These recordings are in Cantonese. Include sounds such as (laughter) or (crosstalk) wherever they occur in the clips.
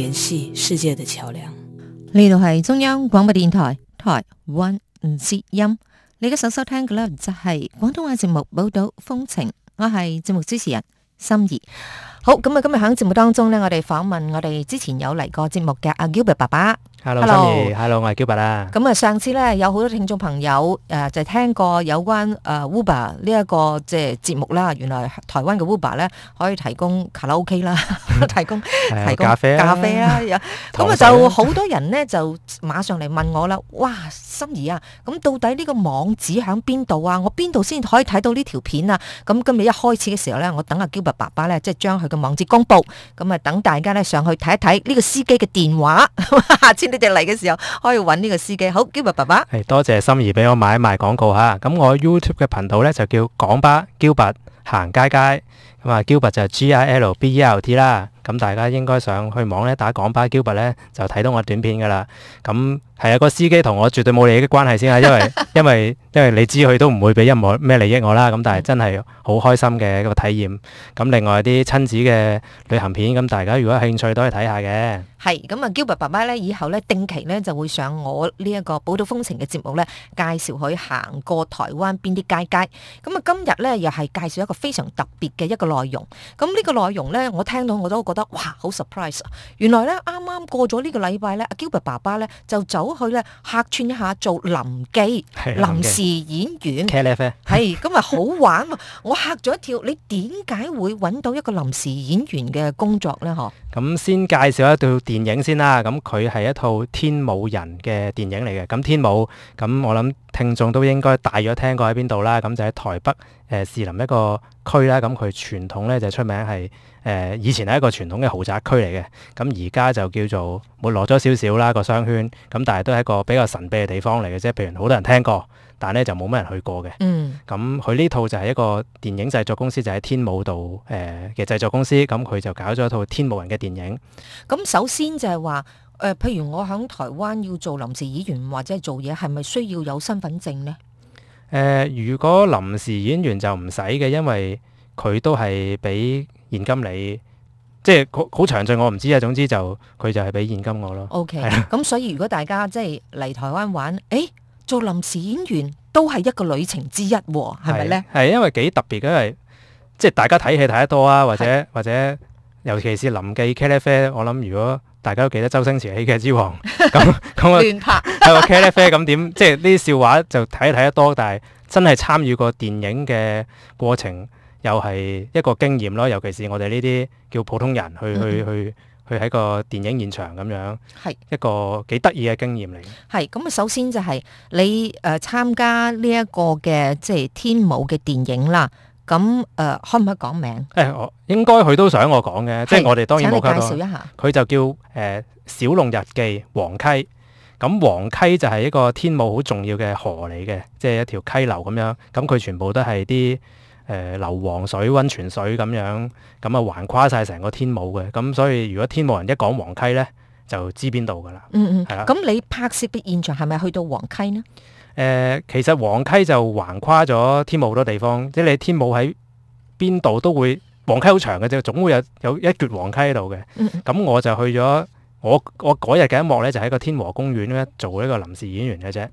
聯繫世界的橋樑，呢度係中央廣播電台台灣之音，你嘅首收聽嘅咧就係廣東話節目《寶島風情》，我係節目主持人心儀。好咁啊！今日響節目當中咧，我哋訪問我哋之前有嚟過節目嘅阿 Gilbert 爸爸。Hello，Hello，心怡，Hello，我係 Gilbert 啊。咁啊，上次咧有好多聽眾朋友誒、呃，就是、聽過有關誒 Uber 呢一個即係節目啦。原來台灣嘅 Uber 咧可以提供卡拉 OK 啦， (laughs) 提供 (laughs) 提供咖啡啦 (laughs) 提咖啡啦 (laughs) 啊。咁啊，就好多人咧就馬上嚟問我啦。哇，心怡啊，咁到底呢個網址喺邊度啊？我邊度先可以睇到呢條片啊？咁今日一開始嘅時候咧，我等阿 Gilbert 爸爸咧即係將佢。嘅文字公布，咁啊等大家呢上去睇一睇呢個司機嘅電話，下次你哋嚟嘅時候可以揾呢個司機。好，Gilbert 爸爸，係多謝心怡俾我買賣廣告吓。咁我 YouTube 嘅頻道呢就叫港巴 Gilbert 行街街，咁啊 Gilbert 就係 G I L B E R T 啦。咁大家應該上去網呢打港巴 Gilbert 呢就睇到我短片噶啦。咁。係啊，個司機同我絕對冇利益嘅關係先啊，因為因為因為你知佢都唔會俾任何咩利益我啦，咁但係真係好開心嘅一個體驗。咁另外啲親子嘅旅行片，咁大家如果興趣都可以睇下嘅。係咁啊，Gilbert 爸爸咧，以後咧定期咧就會上我呢一個《寶島風情》嘅節目咧，介紹佢行過台灣邊啲街街。咁啊，今日咧又係介紹一個非常特別嘅一個內容。咁呢個內容咧，我聽到我都覺得哇，好 surprise！原來咧啱啱過咗呢個禮拜咧，阿 Gilbert 爸爸咧就走。去咧客串一下做臨記臨時演員，係咁啊好玩嘛！ (laughs) 我吓咗一跳，你點解會揾到一個臨時演員嘅工作呢？嗬，咁先介紹一套電影先啦。咁佢係一套天母人嘅電影嚟嘅。咁天母咁，我諗聽眾都應該大約聽過喺邊度啦。咁就喺台北誒士林一個區啦。咁佢傳統呢，就出名係。誒以前係一個傳統嘅豪宅區嚟嘅，咁而家就叫做沒落咗少少啦個商圈，咁但係都係一個比較神秘嘅地方嚟嘅啫。譬如好多人聽過，但咧就冇乜人去過嘅。嗯，咁佢呢套就係一個電影製作公司，就喺、是、天母度誒嘅製作公司，咁佢就搞咗一套天母人嘅電影。咁、嗯、首先就係話誒，譬如我喺台灣要做臨時演員或者做嘢，係咪需要有身份證呢？誒、呃，如果臨時演員就唔使嘅，因為佢都係俾。現金你即係好好詳盡，我唔知啊。總之就佢就係俾現金我咯。OK，咁所以如果大家即係嚟台灣玩，誒做臨時演員都係一個旅程之一，係咪咧？係因為幾特別，因為即係大家睇戲睇得多啊，或者或者，尤其是臨記茄喱啡，我諗如果大家都記得周星馳嘅《喜劇之王》，咁咁啊亂拍，係個茄喱啡，咁點即係呢啲笑話就睇睇得多，但係真係參與過電影嘅過程。又係一個經驗咯，尤其是我哋呢啲叫普通人去去去去喺個電影現場咁樣，係一個幾得意嘅經驗嚟嘅。係咁啊，首先就係你誒參加呢一個嘅即係天母嘅電影啦。咁誒，可唔可以講名？誒，我應該佢都想我講嘅，即係我哋當然。冇介紹一下。佢就叫誒《小龍日記》磺溪。咁磺溪就係一個天母好重要嘅河嚟嘅，即係一條溪流咁樣。咁佢全部都係啲。誒，硫磺、呃、水、溫泉水咁樣，咁啊橫跨晒成個天母嘅，咁所以如果天母人一講黃溪咧，就知邊度噶啦，係啦。咁你拍攝嘅現場係咪去到黃溪呢？誒、呃，其實黃溪就橫跨咗天母好多地方，即係你天母喺邊度都會黃溪好長嘅，即係總會有有一段黃溪喺度嘅。咁、嗯嗯嗯，我就去咗我我嗰日嘅一幕咧，就喺、是、個天和公園咧做一個臨時演員嘅啫。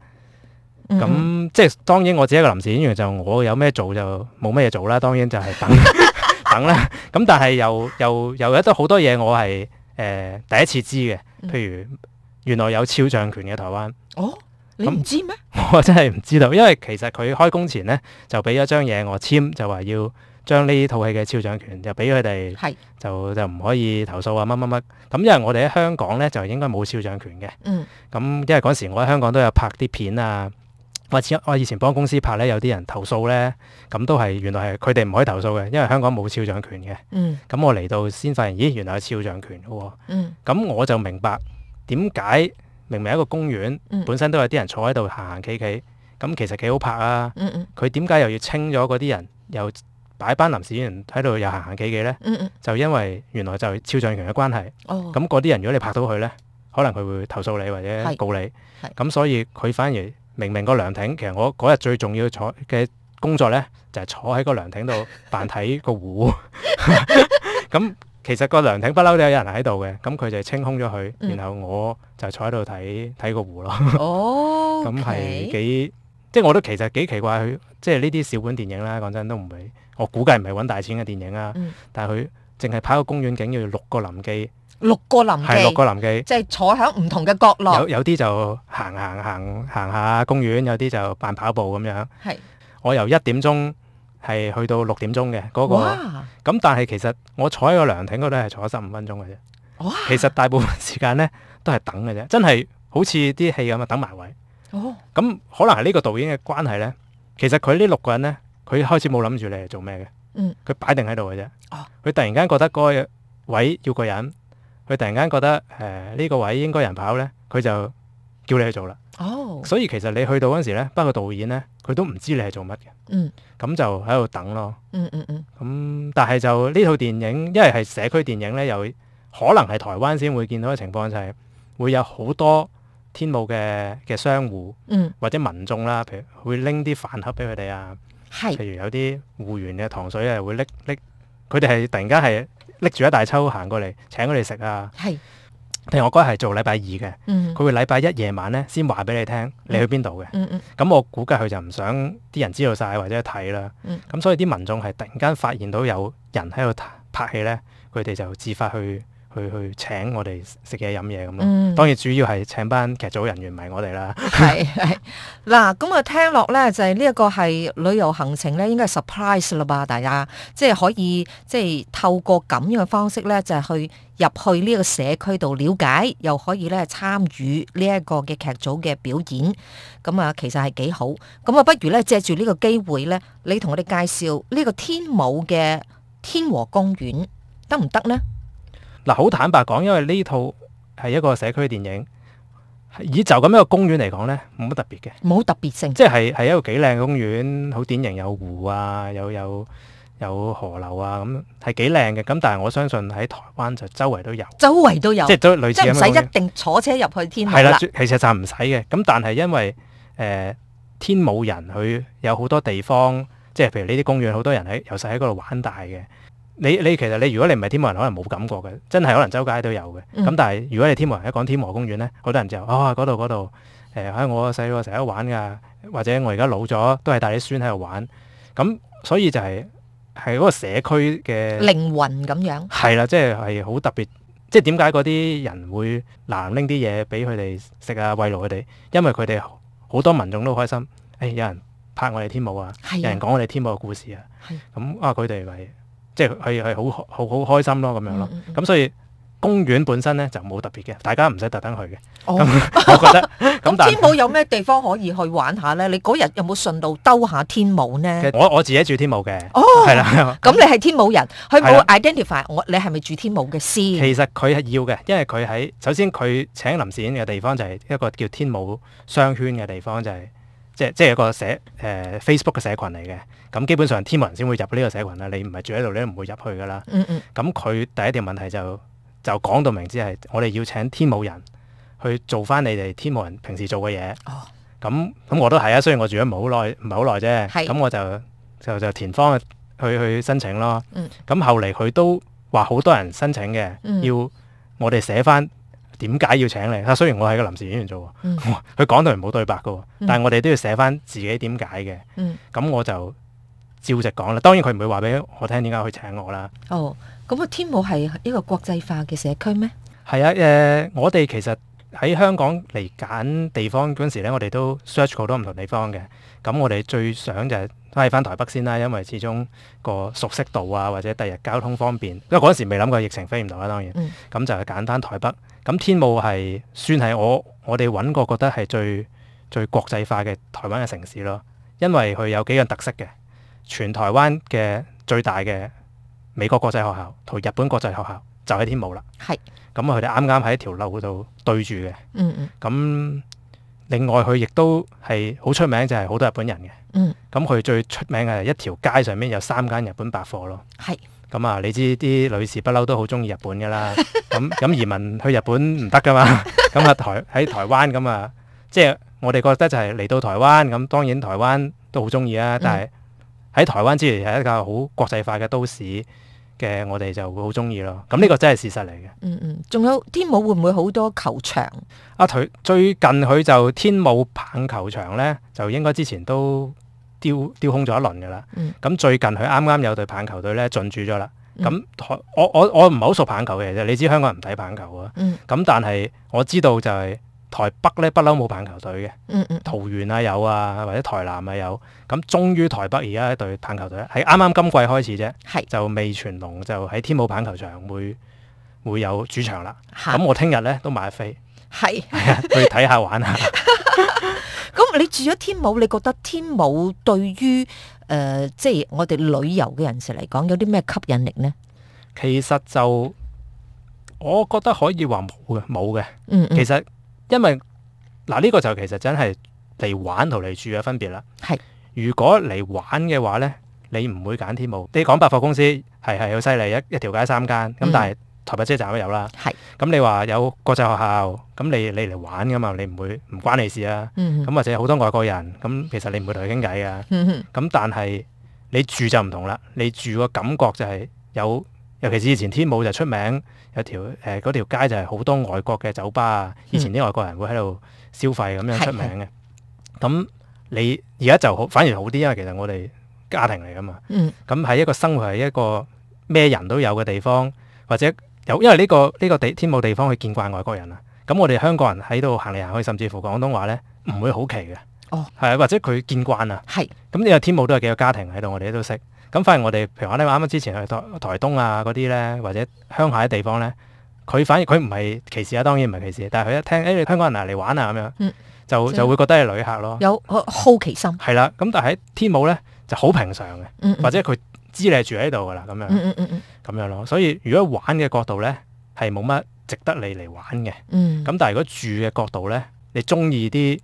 咁即係當然，我自己一個臨時演員就我有咩做就冇咩做啦。當然就係等等啦。咁 (laughs) (laughs) 但係又又又有一好多嘢，我係誒第一次知嘅。譬如原來有肖像權嘅台灣。哦，你唔知咩？我真係唔知道，因為其實佢開工前呢就俾咗張嘢我簽，就話要將呢套戲嘅肖像權就俾佢哋，就就唔是可以投訴啊乜乜乜。咁因為我哋喺香港呢，就應該冇肖像權嘅。咁、嗯、因為嗰陣時我喺香港都有拍啲片啊。我我以前幫公司拍咧，有啲人投訴咧，咁都係原來係佢哋唔可以投訴嘅，因為香港冇肖像權嘅。嗯。咁我嚟到先發現，咦，原來有肖像權嘅喎。嗯。咁我就明白點解明明一個公園本身都有啲人坐喺度行行企企，咁其實幾好拍啊。嗯嗯。佢點解又要清咗嗰啲人，又擺班臨時演員喺度又行行企企咧？嗯嗯。就因為原來就係肖像權嘅關係。哦。咁嗰啲人如果你拍到佢咧，可能佢會投訴你或者告你。係。咁、嗯、所以佢反而。明明個涼亭，其實我嗰日最重要坐嘅工作咧，就係、是、坐喺個涼亭度扮睇個湖。咁 (laughs) (laughs) 其實個涼亭不嬲都有人喺度嘅，咁佢就清空咗佢，嗯、然後我就坐喺度睇睇個湖咯。哦，咁係幾，即係我都其實幾奇怪佢，即係呢啲小本電影啦。講真都唔係，我估計唔係揾大錢嘅電影啊，嗯、但係佢。淨係跑個公園景要個機六個臨記，六個臨記係六個臨記，即係坐響唔同嘅角落。有啲就行行行行下公園，有啲就扮跑步咁樣。係是我由一點鐘係去到六點鐘嘅嗰個，咁哇但係其實我坐喺個涼亭嗰度係坐咗十五分鐘嘅啫。哇其實大部分時間咧都係等嘅啫，真係好似啲戲咁啊，等埋位。哦，咁可能係呢個導演嘅關係咧。其實佢呢六個人咧，佢開始冇諗住你係做咩嘅。佢擺定喺度嘅啫。佢突然間覺得嗰個位要個人，佢突然間覺得誒呢、呃這個位應該人跑呢，佢就叫你去做啦。哦，所以其實你去到嗰時呢，包括導演呢，佢都唔知你係做乜嘅。嗯，咁就喺度等咯。嗯咁、嗯嗯嗯、但係就呢套電影，因為係社區電影呢，又可能係台灣先會見到嘅情況就係、是、會有好多天母嘅嘅商戶，嗯、或者民眾啦，譬如會拎啲飯盒俾佢哋啊。係，譬如有啲護員嘅糖水啊，會拎拎，佢哋係突然間係拎住一大抽行過嚟，請佢哋食啊。譬如我嗰日係做禮拜二嘅，佢、嗯、會禮拜一夜晚咧先話俾你聽，你去邊度嘅。嗯咁我估計佢就唔想啲人知道晒或者睇啦。嗯，咁所以啲民眾係突然間發現到有人喺度拍戲咧，佢哋就自發去。去去請我哋食嘢飲嘢咁咯，嗯、當然主要係請班劇組人員，唔係我哋啦。係嗱， (laughs) 咁啊聽落咧就係呢一個係旅遊行程咧，應該係 surprise 啦吧？大家即係、就是、可以即係、就是、透過咁樣嘅方式咧，就係去入去呢一個社區度了解，又可以咧參與呢一個嘅劇組嘅表演。咁啊，其實係幾好。咁啊，不如咧借住呢個機會咧，你同我哋介紹呢個天母嘅天和公園得唔得呢？嗱，好坦白講，因為呢套係一個社區電影，以就咁一個公園嚟講呢，冇乜特別嘅，冇特別性，即係係一個幾靚嘅公園，好典型，有湖啊，有有有河流啊，咁係幾靚嘅。咁但係我相信喺台灣就周圍都有，周圍都有，即係都類似，唔使一定坐車入去天母，係啦、嗯，其實就唔使嘅。咁但係因為誒、呃、天母人，佢，有好多地方，即係譬如呢啲公園，好多人喺由細喺嗰度玩大嘅。你你其實你如果你唔係天母，人，可能冇感覺嘅，真係可能周街都有嘅。咁、嗯、但係如果你天母，人一講天和公園咧，好多人就啊，嗰度嗰度誒喺我細個成日玩㗎，或者我而家老咗都係帶啲孫喺度玩。咁、嗯、所以就係係嗰個社區嘅靈魂咁樣。係啦，即係係好特別，即係點解嗰啲人會嗱拎啲嘢俾佢哋食啊，慰勞佢哋？因為佢哋好多民眾都開心。誒、哎、有人拍我哋天母啊，有人講我哋天母嘅、啊、的故事啊，咁的、嗯、啊佢哋咪～即係係係好好好開心咯，咁樣咯，咁、嗯嗯嗯嗯、所以公園本身咧就冇特別嘅，大家唔使特登去嘅。咁、哦嗯、我覺得咁，但、嗯、係 (laughs) 天母有咩地方可以去玩下咧？你嗰日有冇順道兜下天母呢？我我自己住天母嘅，哦，係啦。咁你係天母人，佢冇 i d e n t i f y 我的你係咪住天母嘅先？其實佢係要嘅，因為佢喺首先佢請臨時演嘅地方就係一個叫天母商圈嘅地方就係、是。即係即係一個社誒、呃、Facebook 嘅社群嚟嘅，咁、嗯、基本上天母人先會入呢個社群啦。你唔係住喺度，你都唔會入去噶啦、嗯。嗯咁佢、嗯、第一條問題就就講到明，知係我哋要請天母人去做翻你哋天母人平時做嘅嘢。哦。咁咁、嗯嗯、我都係啊，雖然我住咗唔係好耐，唔係好耐啫。係是。咁、嗯嗯、我就就就填方去去申請咯。嗯。咁、嗯嗯、後嚟佢都話好多人申請嘅，要我哋寫翻。點解要請你？啊，雖然我係個臨時演員做，佢講到人冇對白嘅，嗯、但係我哋都要寫翻自己點解嘅。咁、嗯、我就照直講啦。當然佢唔會話俾我聽點解佢請我啦。哦，咁啊，天母係一個國際化嘅社區咩？係啊，誒、呃，我哋其實喺香港嚟揀地方嗰陣時咧，我哋都 search 過多唔同地方嘅。咁我哋最想就係、是。翻去翻台北先啦，因為始終個熟悉度啊，或者第日交通方便。因為嗰時未諗過疫情飛唔到啦，當然。咁、嗯、就係揀翻台北。咁、嗯、天母係算係我我哋揾過覺得係最最國際化嘅台灣嘅城市咯。因為佢有幾樣特色嘅，全台灣嘅最大嘅美國國際學校同日本國際學校就喺天母啦。係是。咁佢哋啱啱喺一條路度對住嘅。嗯，嗯。咁、嗯。另外佢亦都係好出名，就係、是、好多日本人嘅。嗯，咁佢最出名嘅一條街上面有三間日本百貨咯。係是，咁啊，你知啲女士不嬲都好中意日本噶啦。咁咁 (laughs) 移民去日本唔得噶嘛。咁啊台喺台灣咁啊，即係我哋覺得就係嚟到台灣咁，當然台灣都好中意啊。但係喺台灣之餘係一個好國際化嘅都市。嘅我哋就會好中意咯，咁、這、呢個真係事實嚟嘅。嗯嗯，仲有天母會唔會好多球場？啊，佢最近佢就天母棒球場咧，就應該之前都丟丟空咗一輪噶啦。咁、嗯、最近佢啱啱有隊棒球隊咧，進駐咗啦。咁、嗯、我我我唔係好熟棒球嘅，其實你知香港人唔睇棒球啊。咁、嗯、但係我知道就係、是。台北咧不嬲冇棒球隊嘅，桃園啊有啊，或者台南啊有。咁終於台北而家一隊棒球隊，係啱啱今季開始啫是，就味全龍，就喺天母棒球場會會有主場啦。咁是我聽日咧都買一飛，係是去睇下玩下。咁你住咗天母，你覺得天母對於誒即係我哋旅遊嘅人士嚟講，有啲咩吸引力呢？ (noise) 其實就我覺得可以話冇嘅，冇嘅。其實。 (laughs) 因為嗱呢個就其實真係嚟玩同嚟住嘅分別啦。係，如果嚟玩嘅話咧，你唔會揀天母。你講百貨公司係係好犀利，一一條街三間。咁但係台北車站都有啦。係。咁你話有國際學校，咁你你嚟玩噶嘛？你唔會唔關你事啊。咁或者好多外國人，咁其實你唔會同佢傾偈㗎。咁但係你住就唔同啦。你住個感覺就係有。尤其是以前天母就出名有條誒，嗰條街就係好多外國嘅酒吧啊，嗯、以前啲外國人會喺度消費咁樣出名嘅。咁、嗯、你而家就好反而好啲因為，其實我哋家庭嚟噶嘛。嗯。咁喺一個生活係一個咩人都有嘅地方，或者有因為呢個呢個地天母地方，去見慣外國人啊。咁我哋香港人喺度行嚟行去，甚至乎廣東話咧唔會好奇嘅、嗯。哦。係啊，或者佢見慣啊。係、嗯。咁呢個天母都有幾個家庭喺度，我哋都識。咁反而我哋譬如我咧，啱啱之前去台台東啊嗰啲咧，或者鄉下啲地方咧，佢反而佢唔係歧視啊，當然唔係歧視，但係佢一聽誒、哎、你香港人嚟嚟玩啊咁樣，嗯、就就會覺得係旅客咯，有好、好奇心係啦。咁但係喺天舞咧就好平常嘅，或者佢知你住喺度噶啦咁樣，咁樣咯。所以如果玩嘅角度咧係冇乜值得你嚟玩嘅，咁、嗯、但係如果住嘅角度咧，你中意啲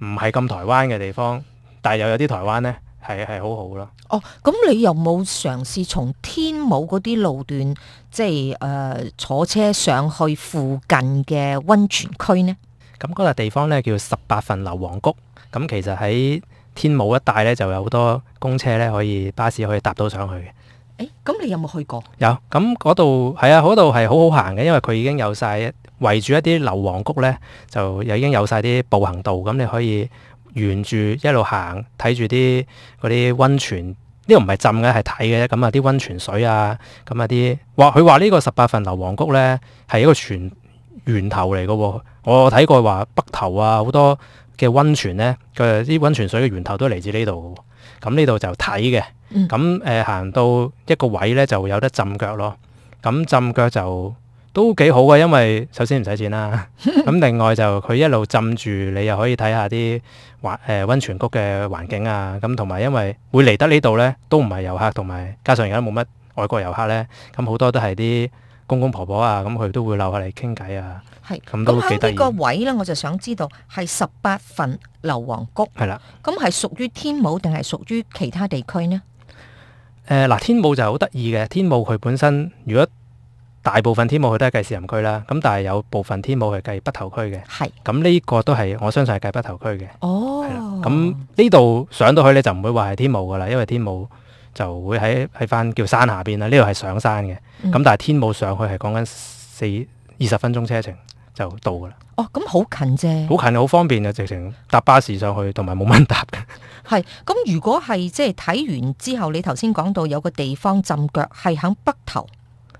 唔係咁台灣嘅地方，但係又有啲台灣咧。係係好好咯。哦，咁你有冇嘗試從天母嗰啲路段，即係誒坐車上去附近嘅温泉區呢？咁嗰笪地方咧叫十八份硫磺谷。咁其實喺天母一帶咧就有好多公車咧，可以巴士可以搭到上去嘅。欸、咁、你有冇去過？有。咁嗰度係啊，嗰度係好好行嘅，因為佢已經有晒圍住一啲硫磺谷咧，就又已經有晒啲步行道，咁你可以。沿住一路行，睇住啲啲温泉，呢個唔係浸嘅，係睇嘅。咁啊，啲温泉水啊，咁啊啲，話佢話呢個十八分琉磺谷咧係一個泉源頭嚟嘅。我睇過話北投啊，好多嘅温泉咧，佢啲温泉水嘅源頭都嚟自呢度。咁呢度就睇嘅，咁誒行到一個位咧就有得浸腳咯。咁浸腳就～都幾好嘅，因為首先唔使錢啦，咁 (laughs) 另外就佢一路浸住，你又可以睇下啲環誒温泉谷嘅環境啊，咁同埋因為會嚟得呢度呢，都唔係遊客，同埋加上而家冇乜外國遊客呢，咁好多都係啲公公婆婆啊，咁佢都會留下嚟傾偈啊。係是，咁都幾得意。喺個位呢，我就想知道係十八份硫磺谷係啦，咁係屬於天母定係屬於其他地區呢？誒嗱、呃，天母就好得意嘅，天母佢本身如果。大部分天母佢都係計士林區啦，咁但係有部分天母係計北投區嘅。係。咁呢個都係我相信係計北投區嘅。哦，咁呢度上到去咧就唔會話係天母噶啦，因為天母就會喺喺翻叫山下邊啦。呢度係上山嘅，咁、嗯、但係天母上去係講緊四二十分鐘車程就到噶啦。哦，咁好近啫，好近好方便啊！直情搭巴士上去同埋冇乜人搭嘅。係咁，如果係即係睇完之後，你頭先講到有個地方浸腳係喺北投。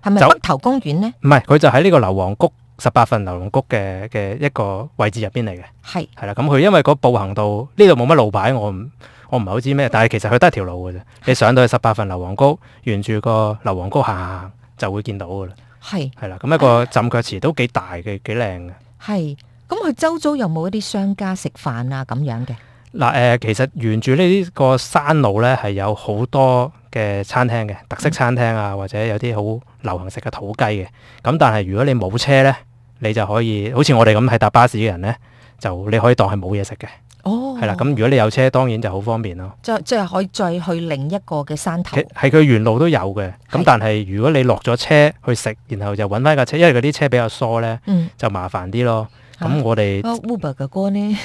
係咪北投公園咧？唔係，佢就喺呢個硫磺谷十八份硫磺谷嘅嘅一個位置入邊嚟嘅。係係啦，咁佢因為嗰步行道呢度冇乜路牌，我唔我唔係好知咩，但係其實佢都係條路嘅啫。是你上到去十八份硫磺谷，沿住個硫磺谷行行，就會見到噶啦。係係啦，咁一個浸腳池都幾大嘅，幾靚嘅。係咁，佢周遭有冇一啲商家食飯啊？咁樣嘅嗱，誒、呃呃，其實沿住呢啲個山路咧，係有好多。嘅餐廳嘅特色餐廳啊，或者有啲好流行食嘅土雞嘅，咁、嗯、但係如果你冇車呢，你就可以好似我哋咁係搭巴士嘅人呢，就你可以當係冇嘢食嘅。哦，係啦，咁如果你有車，當然就好方便咯。即即係可以再去另一個嘅山頭。係佢沿路都有嘅，咁但係如果你落咗車去食，然後就揾翻架車，因為嗰啲車比較疏呢，嗯、就麻煩啲咯。咁、嗯、我哋 Uber 嘅哥呢？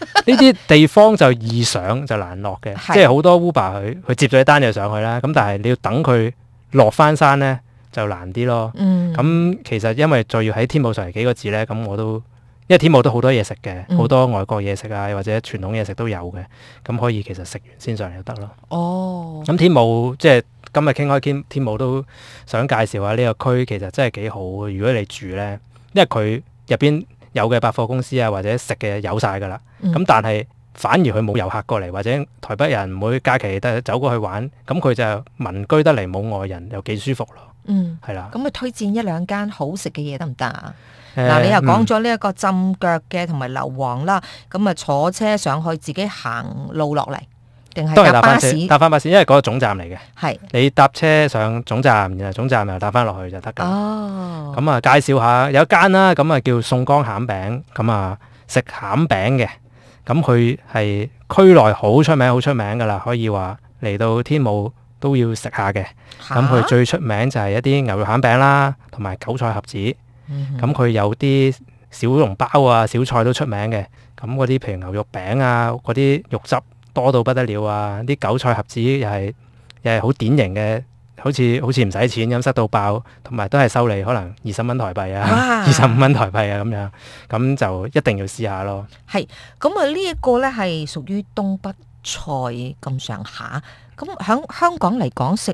呢啲 (laughs) 地方就易上就難落嘅，是即係好多 Uber 佢佢接咗單就上去啦。咁但係你要等佢落翻山咧就難啲咯。咁、嗯嗯嗯、其實因為再要喺天母上嚟幾個字咧，咁我都因為天母都好多嘢食嘅，好、嗯、多外國嘢食啊，或者傳統嘢食都有嘅，咁可以其實食完先上嚟就得咯。哦，咁天母即係、就是、今日傾開天天母都想介紹下呢個區，其實真係幾好。如果你住咧，因為佢入邊。有嘅百貨公司啊，或者食嘅有晒噶啦，咁但係反而佢冇遊客過嚟，或者台北人唔會假期得走過去玩，咁佢就民居得嚟冇外人，又幾舒服咯。嗯，係啦的。咁啊、嗯，推薦一兩間好食嘅嘢得唔得啊？嗱、呃，你又講咗呢一個浸腳嘅同埋硫磺啦，咁啊、嗯、坐車上去，自己行路落嚟。都係搭巴士，搭翻巴士，因為嗰個總站嚟嘅。係是你搭車上總站，然後總站又搭翻落去就得㗎。哦。咁啊，介紹下有一間啦、啊，咁啊叫宋江餡餅，咁啊食餡餅嘅。咁佢係區內好出名、好出名㗎啦，可以話嚟到天母都要食下嘅。咁佢、啊、最出名就係一啲牛肉餡餅啦，同埋韭菜盒子。咁佢、嗯、哼有啲小籠包啊、小菜都出名嘅。咁嗰啲譬如牛肉餅啊，嗰啲肉汁、啊。多到不得了啊！啲韭菜盒子又係又係好典型嘅，好似好似唔使錢咁塞到爆，同埋都係收你可能二十蚊台幣啊，二十五蚊台幣啊咁樣，咁就一定要試下咯。係咁啊！呢一個呢係屬於東北菜咁上下，咁喺香港嚟講食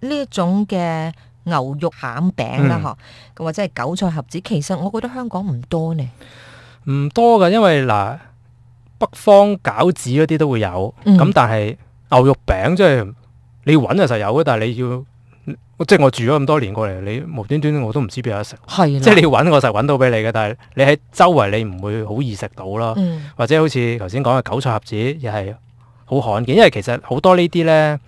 呢一種嘅牛肉餡餅啦，嗬、嗯，或者係韭菜盒子，其實我覺得香港唔多呢，唔多嘅，因為嗱。北方餃子嗰啲都會有，咁但係牛肉餅即係你揾就實有嘅，但係你要即係我住咗咁多年過嚟，你無端端我都唔知邊有得食，是的 即係你要揾我實揾到俾你嘅，但係你喺周圍你唔會好易食到囉，嗯，或者好似頭先講嘅韭菜盒子又係好罕見，因為其實好多呢啲咧，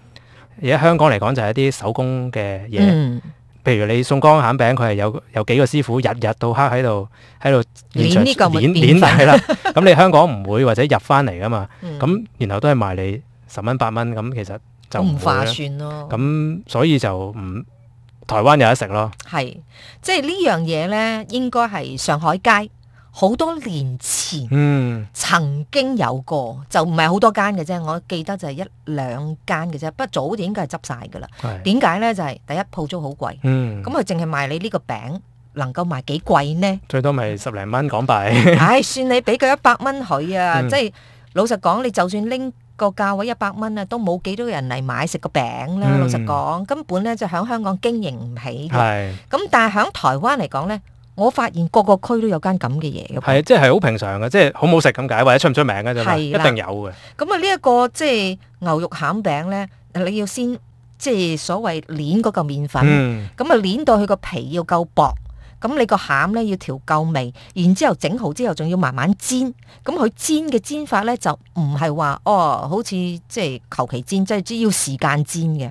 而家香港嚟講就係一啲手工嘅嘢。嗯。譬如你送江餡餅，佢係有有幾個師傅日日到黑喺度喺度捏呢個模捏，捏捏係啦。咁 (laughs) 你香港唔會或者入翻嚟㗎嘛？咁 (laughs) 然後都係賣你十蚊八蚊咁，其實就唔划算咯。咁所以就唔台灣有得食咯。係，即係呢樣嘢咧，應該係上海街。好多年前、嗯、曾經有過，就唔係好多間嘅啫。我記得就係一兩間嘅啫。不過早啲應該係執晒㗎啦。點解是呢？就係、是、第一鋪租好貴，咁啊、嗯，淨係賣你呢個餅能夠賣幾貴呢？最多咪十零蚊港幣。唉、 (laughs) 哎，算你俾佢一百蚊佢啊！嗯、即係老實講，你就算拎個價位一百蚊啊，都冇幾多人嚟買食個餅啦。嗯、老實講，根本呢就喺香港經營唔起嘅。咁是但係喺台灣嚟講呢。我發現各個區都有間咁嘅嘢，係即係好平常嘅，即係好唔好食咁解，或者出唔出名嘅，的一定有嘅。咁啊，呢一個即係牛肉餡餅咧，你要先即係所謂捏嗰嚿麵粉，咁啊、嗯、捏到佢個皮要夠薄，咁你個餡咧要調夠味，然之後整好之後仲要慢慢煎，咁佢煎嘅煎法咧就唔係話哦，好似即係求其煎，即係只要時間煎嘅。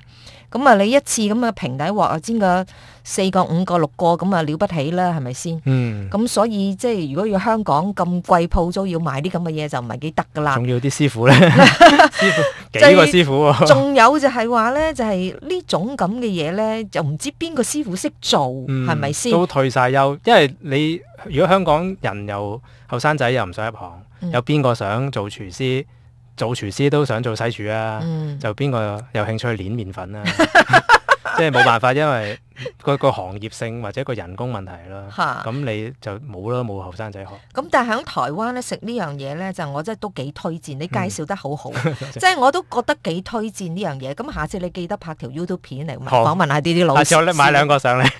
咁啊！你一次咁嘅平底鑊煎個四個、五個、六個咁啊，了不起啦，係咪先？嗯。咁、嗯嗯、所以即係如果要香港咁貴鋪租要買啲咁嘅嘢就唔係幾得㗎啦。仲要啲師傅咧，師傅幾個師傅喎、啊？仲有就係話咧，就係、是、呢種咁嘅嘢咧，就唔知邊個師傅識做，係咪先？都退晒休，因為你如果香港人又後生仔又唔想入行，嗯、有邊個想做廚師？做廚師都想做西廚啊，嗯、就邊個有興趣去捻麵粉啊？ (laughs) 即係冇辦法，因為個行業性或者個人工問題咯。咁 (laughs) 你就冇咯，冇後生仔學。咁、嗯、 (laughs) 但係喺台灣咧食呢樣嘢咧，就我真係都幾推薦。你介紹得好好，即係、嗯、 (laughs) 我都覺得幾推薦呢樣嘢。咁下次你記得拍條 YouTube 片嚟問，唐問問下啲啲老師。下次我買兩個上嚟。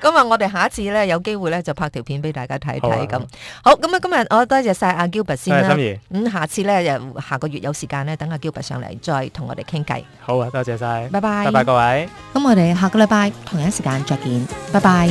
咁啊，我哋下一次咧有機會咧，就拍條片俾大家睇睇咁好。咁啊，今日我多謝晒阿 Gilbert 先啦。咁、嗯、下次咧又下個月有時間咧，等阿 Gilbert 上嚟再同我哋傾偈。好啊，多謝晒，拜拜 bye，拜拜 bye 各位。咁我哋下個禮拜同一時間再見，拜拜。